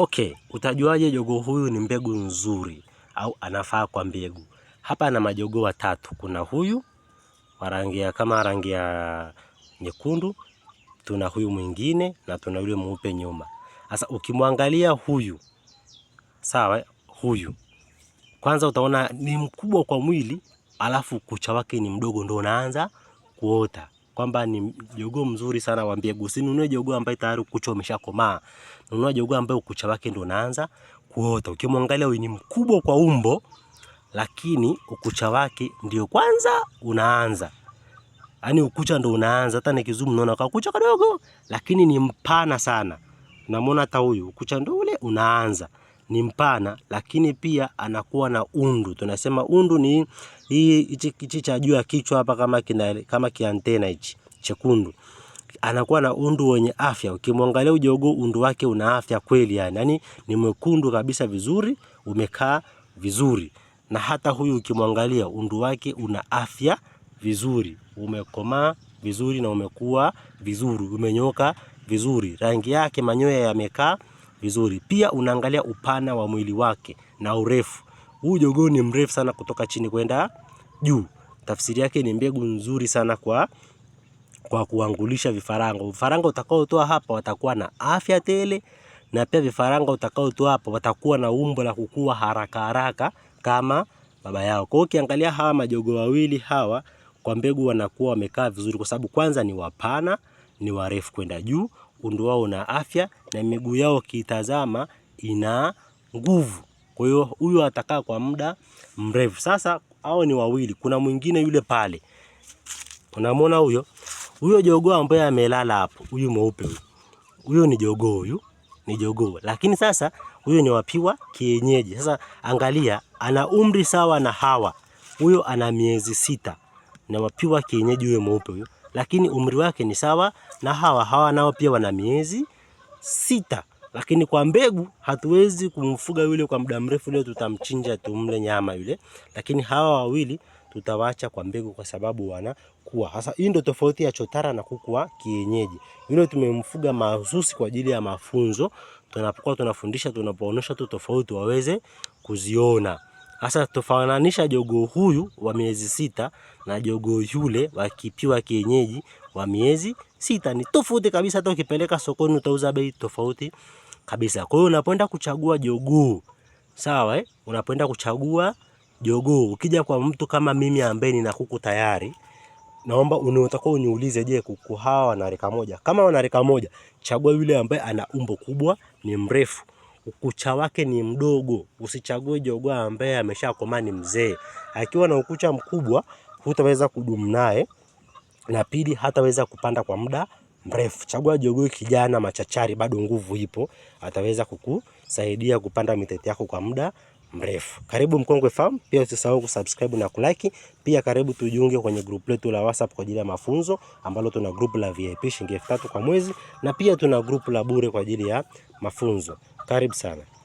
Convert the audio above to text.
Okay, utajuaje jogoo huyu ni mbegu nzuri au anafaa kwa mbegu? Hapa na majogoo watatu, kuna huyu wa rangi ya kama rangi ya nyekundu, tuna huyu mwingine na tuna yule mweupe nyuma. Sasa ukimwangalia huyu sawa, huyu kwanza utaona ni mkubwa kwa mwili, alafu kucha wake ni mdogo, ndio unaanza kuota kwamba ni jogoo mzuri sana wa mbegu. Usinunue jogoo ambaye tayari kucha umeshakomaa. Nunua jogoo ambaye ukucha wake ndio unaanza kuota. Ukimwangalia huyu ni mkubwa kwa umbo, lakini ukucha wake ndio kwanza unaanza. Yaani ukucha ndio unaanza. Hata nikizoom naona kwa kucha kadogo, lakini ni mpana sana. Unamwona hata huyu ukucha ndio ule unaanza ni mpana lakini pia anakuwa na undu. Tunasema undu ni hii hichi cha juu ya kichwa hapa kama kina, kama kiantena hichi chekundu. Anakuwa na undu wenye afya. Ukimwangalia jogoo undu wake una afya kweli yani. yani ni mwekundu kabisa vizuri, umekaa vizuri. Na hata huyu ukimwangalia undu wake una afya vizuri, umekomaa vizuri na umekua vizuri, umenyoka vizuri. Rangi yake manyoya yamekaa vizuri. Pia unaangalia upana wa mwili wake na urefu. Huu jogoo ni mrefu sana kutoka chini kwenda juu. Tafsiri yake ni mbegu nzuri sana kwa kwa kuangulisha vifaranga. Vifaranga utakaotoa hapa watakuwa na afya tele na pia vifaranga utakaotoa hapa watakuwa na umbo la kukua haraka haraka kama baba yao. Kwa hiyo ukiangalia hawa majogoo wawili hawa kwa mbegu wanakuwa wamekaa vizuri kwa sababu kwanza ni wapana, ni warefu kwenda juu undo wao una afya na miguu yao kitazama ina nguvu. Kwa hiyo huyo atakaa kwa muda mrefu. Sasa hao ni wawili, kuna mwingine yule pale, unamwona huyo huyo jogoo ambaye amelala hapo, huyu mweupe huyu, huyo ni jogoo, huyu ni jogoo, lakini sasa huyo ni wapiwa kienyeji. Sasa angalia, ana umri sawa na hawa, huyo ana miezi sita na wapiwa kienyeji, huyo mweupe huyo lakini umri wake ni sawa na hawa hawa, nao pia wana miezi sita, lakini kwa mbegu hatuwezi kumfuga yule kwa muda mrefu, leo tutamchinja tumle nyama yule, lakini hawa wawili tutawacha kwa mbegu kwa sababu wana kuwa. hii ndio tofauti ya chotara na kuku wa kienyeji. Yule tumemfuga mahususi kwa ajili ya mafunzo, tunapokuwa tunafundisha, tunapoonesha tu tofauti waweze kuziona. Sasa tufananisha jogoo huyu wa miezi sita na jogoo yule wakipiwa kienyeji wa miezi sita, ni tofauti kabisa. Hata ukipeleka sokoni utauza bei tofauti kabisa. Kwa hiyo unapoenda kuchagua jogoo sawa, eh? Unapoenda kuchagua jogoo, ukija kwa mtu kama mimi ambaye nina kuku tayari, naomba unatakuwa uniulize, je, kuku hawa wana rika moja? Kama wana rika moja, chagua yule ambaye ana umbo kubwa, ni mrefu ukucha wake ni mdogo, usichague jogoa ambaye ameshakomaa ni mzee. Akiwa na ukucha mkubwa hutaweza kudumu naye, na pili hataweza kupanda kwa muda mrefu. Chagua jogoo kijana machachari, bado nguvu ipo, ataweza kukusaidia kupanda mitete yako kwa muda mrefu. Karibu Mkongwe Farm, pia usisahau kusubscribe na kulike. Pia karibu tujiunge kwenye group letu la WhatsApp kwa ajili ya mafunzo, ambalo tuna group la VIP shilingi 3000 kwa mwezi, na pia tuna group la bure kwa ajili ya mafunzo. Karibu sana.